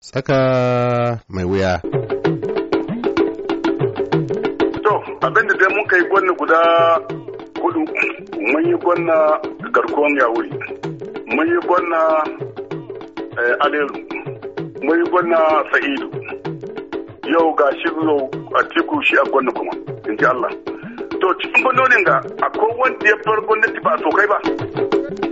Saka mai wuya. To, da dai muka kai gwanna guda hudu, mun yi gwanna garkuwan yawuri, mun yi gwanna eh, alelu, mun yi gwanna sa'idu. Yau ga shi zo a teku shi a gwanna kuma, in ji Allah. To, cikin gwanonin ga, akwai wanda ya farko gwamnati ba a sokai ba.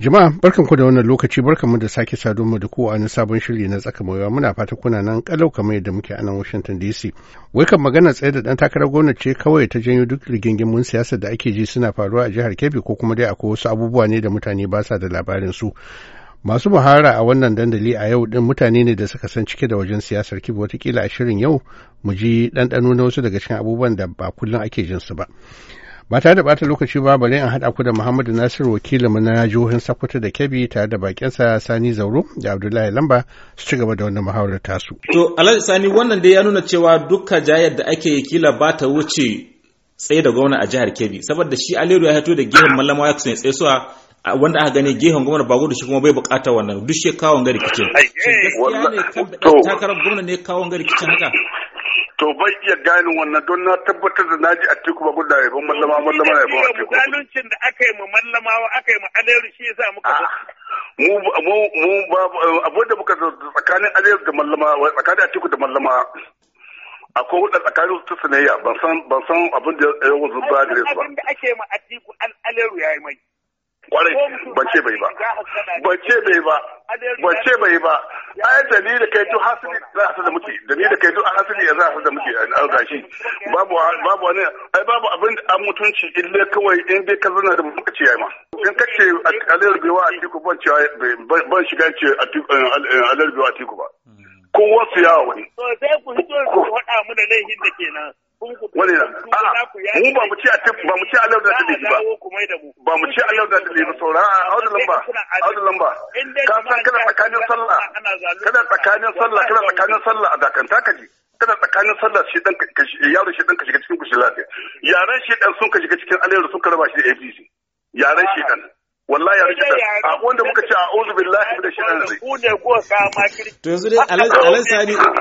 Jama'a barkanku da wannan lokaci barkanmu da sake mu da kowa na sabon shiri na tsaka maiwa muna fata kuna nan kalau kamar yadda muke a nan Washington DC. Wai kan magana tsaye da dan takarar gwamnati ce kawai ta janyo duk rigingimun siyasa da ake ji suna faruwa a jihar Kebbi ko kuma dai akwai wasu abubuwa ne da mutane ba sa da labarin su. Masu muhara a wannan dandali a yau din mutane ne da suka san cike da wajen siyasar Kebbi watakila a shirin yau mu ji ɗanɗano na wasu daga cikin abubuwan da ba kullum ake jin su ba. ba tare da bata lokaci ba bare an haɗa ku da Muhammadu Nasiru wakilinmu na jihohin Sokoto da Kebbi tare da bakinsa Sani Zauro da Abdullahi Lamba su ci gaba da wannan muhawarar tasu. To Alhaji Sani wannan dai ya nuna cewa dukka jayar da ake yi kila ba ta wuce tsaye da gwamna a jihar Kebbi saboda shi Aliyu ya haito da gehen malama ya kusa tsaye suwa wanda aka gani gehen gwamna ba gudu shi kuma bai bukata wannan duk shi kawon gari kicin. ne kan takarar gwamna to bai iya gane wannan don na tabbatar da naji a tiku ba ya ban mallama mallama na yaban a teku. Zaluncin da aka yi ma mallama aka yi ma alayyar shi yasa muka ah, mu mu mu abu da muka tsakanin alayyar da mallama tsakanin a tiku da mallama akwai wadda tsakanin su tsanayya ban san ban san abin da ya wuzu ba gare su ba. Abin da ake ma a teku alayyar ya yi mai. kwarai ban ce bai ba ban ce bai ba ban bai ba ai da ni da kai duk hasili za a da muke da ni da kai duk hasili ya za a da muke an gashi babu babu wani ai babu abin da an mutunci illa kawai in dai ka zana da muka ce ma in ka ce alayar bewa a tiku ban cewa ban shiga ce eh, alayar eh, bewa a tiku ba kowa su yawa wani ko sai ku hito ku faɗa mu da laihin da kenan wani na a'a mu ba mu ci a ba mu ci da ba ba mu ci alau da tafi ba a audu lamba audu lamba ka san kana tsakanin sallah kana tsakanin sallah kana tsakanin sallah a dakanta ka ji kana tsakanin sallah shi dan yaro shi dan ka shiga cikin lafiya yaran shi dan sun ka shiga cikin alayru sun ka shi da APC yaran shi dan wallahi yaran shi dan a wanda muka ce a'udhu billahi minash shaitanir rajim to yanzu dai alai sani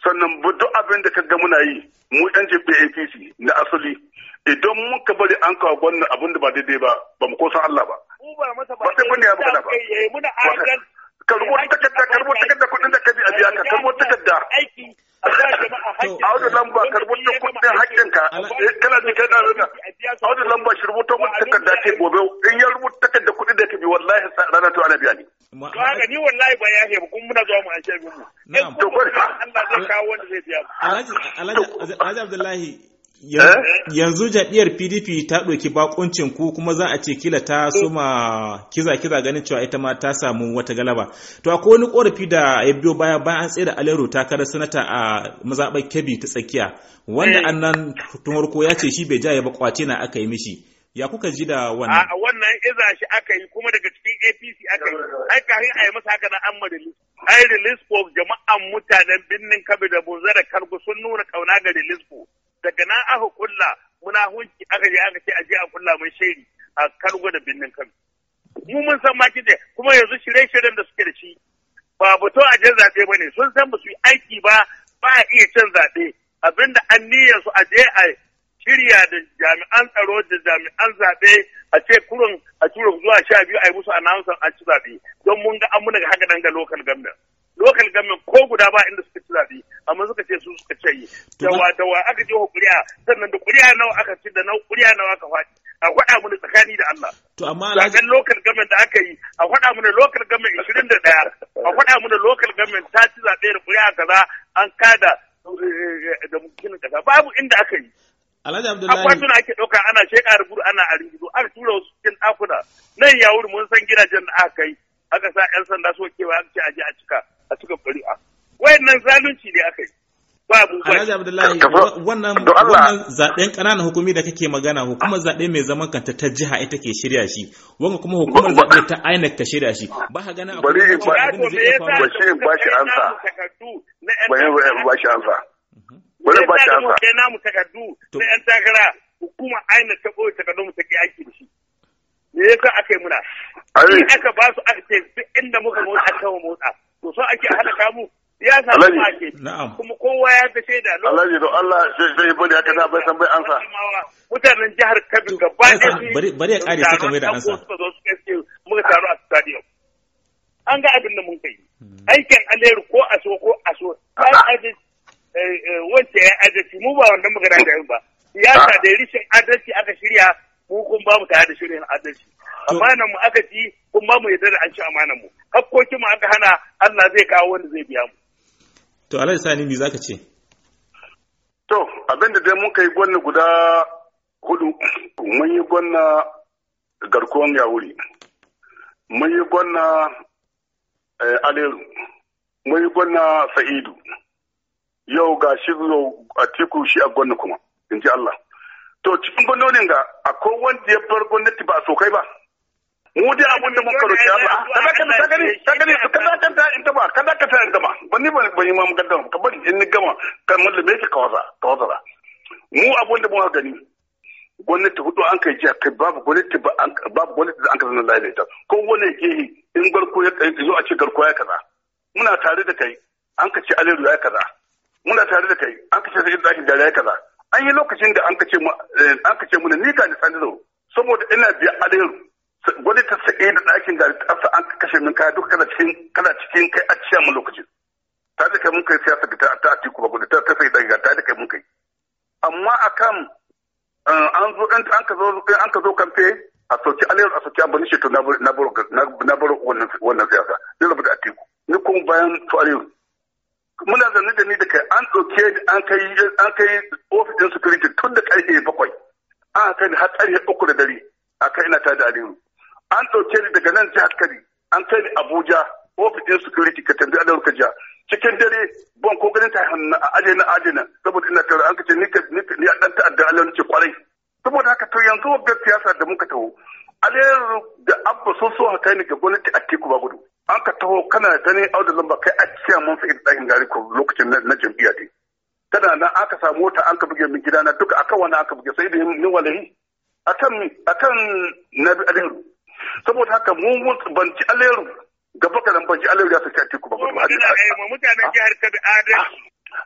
sannan duk abin da kaga muna yi mu yan jibbe APC na asali idan muka bari an kawo gwamnati abin da ba daidai ba ba mu kosa Allah ba ba sai bane ya bukata ba eh, ka rubuta takarda ka rubuta ka Abdullahi eh? yanzu jam'iyyar PDP ta ɗauki bakuncin ku kuma za a ce kila ta eh. soma kiza kiza ganin cewa ita ma ta samu wata galaba. To akwai wani korafi da ya biyo baya bayan an tsira da takarar sanata a mazaɓar Kebbi ta tsakiya wanda eh. annan tun ya ce shi bai jaye ba kwace na aka yi mishi. Ya kuka ji da wannan? A wannan iza shi aka yi kuma daga cikin APC aka yi. Ai kafin a yi masa haka na an madalis. Ai Rilisco jama'an mutanen birnin Kabe da Bunza da Kargo sun nuna kauna ga ko. Daga nan aka kulla muna hunki aka je aka ce a je a kulla mun shiri a Kargo da birnin Kabe. Mu mun san ma kide kuma yanzu shirye-shiryen da suke da shi ba fito a jan zaɓe ba ne sun san ba su yi aiki ba ba a iya cin zaɓe abinda an niyyar su a je a shirya da jami'an tsaro da jami'an zaɓe a ce kurun a tura zuwa sha biyu a yi musu announcement an ci zaɓe don mun ga an muna ga haka danga local government local government ko guda ba inda suka ci zaɓe amma suka ce su suka ce yi dawa dawa aka je kuriya sannan da kuriya nawa aka ci da nawa kuriya nawa aka faɗi a faɗa mana tsakani da Allah to amma zaben local government da aka yi a faɗa mana local government 21 a faɗa mana local government ta ci zaɓe da kuriya kaza an kada da eh, eh, mukinin kasa babu inda aka yi Alhaji Abdullahi. Akwai suna ake ɗauka ana sheƙa rubur ana a rigido aka tura wasu cikin ɗakuna nan ya wuri mun san gidajen da aka yi aka sa 'yan sanda so kewa aka ce a cika, a cika a cika nan Wayannan zalunci ne aka yi. Alhaji Abdullahi wannan wannan zaben ƙananan hukumi da kake magana hukumar zaɓe mai zaman kanta ta jiha ita ke shirya shi wanda kuma hukumar zaɓe ta INEC ta shirya shi ba ka gana akwai wani abin da zai faru ba shi ba shi ansa ba shi ansa bari ba ta kai namu takardu sai an takara hukuma aina ta boye takardun mu ke aiki da shi me yasa aka yi muna aka ba su aka ce duk inda muka motsa aka mu motsa to so ake halaka mu ya samu ake kuma kowa ya ta shaida Alhaji to Allah bari san bai ansa mutanen jihar Kebbi gaba ɗaya bari ya mai da ansa muka taru a stadium an ga abin da mun kai hmm. aikin alheri ko ya adalci mu ba wannan magana da yin ba siyasa da rishin adalci aka shirya mu kun ba mu tare da shirin adalci amanan mu aka ci kun ba mu yadda da an ci amanan mu hakkokin mu aka hana Allah zai kawo wanda zai biya mu to Alhaji Sani me zaka ce to abinda dai mun kai gwanna guda hudu mun yi gwanna garkuwan yawuri mun yi gwanna eh, aleru mun yi gwanna sa'idu yau ga shi yau a tiku shi a gwamna kuma in ji Allah to cikin gwamnonin ga akwai wanda ya bar gwamnati ba so ba mu dai abin da muka roki Allah kada ka ta gani ta gani kada ka ta in gama kada ka ta in gama ba ni ban yi ma mu ka bari in ni gama k'a mallame ki kawaza wazara mu abin da muka gani gwamnati hudu an kai jiya kai babu gwamnati ba babu gwamnati da an kasance zana lafiya ta ko wani yi in garko ya kai zo a ce garko ya kaza muna tare da kai an ka ce aliru ya kaza muna tare da kai an kace sai zaki da rayaka za an yi lokacin da an kace eh, an kace mu ni ka ni san sanzo saboda ina biya adayin gwani ta sa'i da ɗakin gari ta asa an kashe min kaya duk kana cikin kana cikin kai a ciya mun lokacin ta da kai mun kai siyasa ta ta atiku ba gudu ta ta sai daga ta da kai mun kai amma akan eh, an zo an an ka zo an ka zo kamfe a soki alayyar a soki abin shi to na baro na baro wannan wannan siyasa ni rabu da atiku ni kuma bayan su alayyar muna zanne da ni da kai an ɗauke an kai an kai ofishin security tun da ƙarfe bakwai an kai ni har ƙarfe uku da dare a kai ina tada aliyu an ɗauke ni daga nan jihar kari an kai ni abuja ofishin security ka tambayi adawar ka jiya cikin dare ban ko ganin ta hannu a aje na aje na saboda ina tara an kace ni ka ni a dan ta'adda Allah ce kwarai saboda haka to yanzu ga siyasa da muka taho alherin da abba so so haka ne ga gwamnati ganin auda zamba kai a cikin mun sa'id ɗakin gari ko lokacin na jam'iyya ne. tana nan aka samu mota an ka buge min gida na duka akan wani aka buge sai da ni walahi akan akan bi alheru saboda haka mun mun ban ci alheru gaba kalan ban ci alheru ya saki atiku ba ba mutanen jihar Kabi adalci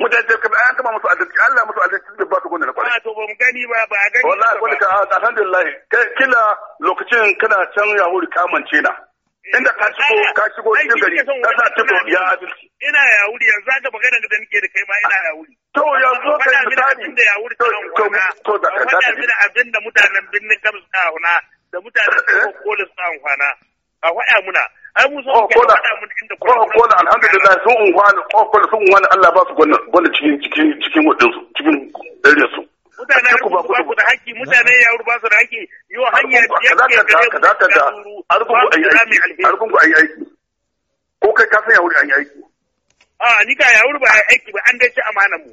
mutanen jihar Kabi an kama musu adalci Allah musu adalci da ba su gona na Ba to ba mu gani ba ba a gani wallahi ka alhamdulillah kila lokacin kana can ya wuri kamance na inda ka shigo ka shigo cikin gari ka sa tuko ya adalci ina ya wuri yanzu aka magana da nake da kai ma ina ya wuri to yanzu ka yi misali da ya wuri ta nan to da ka da abin da mutanen birnin kamsu ta huna da mutanen kolin ta huna a faɗa muna ai mu so ko da ko da alhamdulillah sun unwana ko ko sun unwana Allah ba su gona cikin cikin cikin wadin su cikin dare su mutanen ku ba ku da haƙƙi ya yawur ba su da haƙƙi yo hanya biyar ke gare mu da suru ba su da ayi aiki ko kai ka san ya an yi aiki a ni ka yawur ba aiki ba an dace amanan mu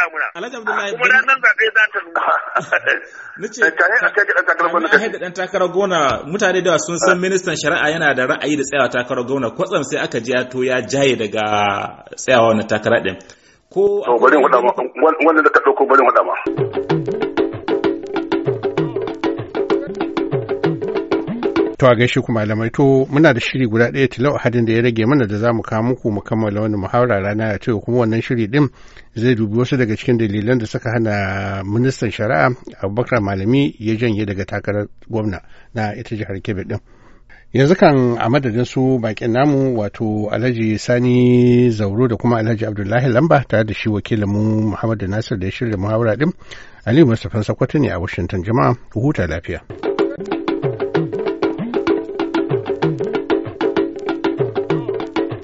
gyara muna. Alhaji Abdullahi. Kuma ranar a eh, ɗan takarar gona mutane da sun san ah. ministan shari'a yana da ra'ayi da tsayawa takarar gona kwatsam sai aka ji ya to ya jaye daga tsayawa na takara ɗin. Ko. Bari wanda ka ɗauko bari wanda ma. To a gaishe ku malamai to muna da shiri guda ɗaya tilau hadin da ya rage mana da zamu kawo muku mu kammala wani muhawara rana ya ce kuma wannan shiri din zai dubi wasu daga cikin dalilan da suka hana ministan shari'a Abubakar Malami ya janye daga takarar gwamna na ita jihar Kebbi din. Yanzu kan a madadin su bakin namu wato Alhaji Sani Zauro da kuma Alhaji Abdullahi Lamba tare da shi wakilinmu Muhammadu Nasir da ya shirya muhawara din Aliyu Mustapha Sakwato ne a Washington jama'a huta lafiya.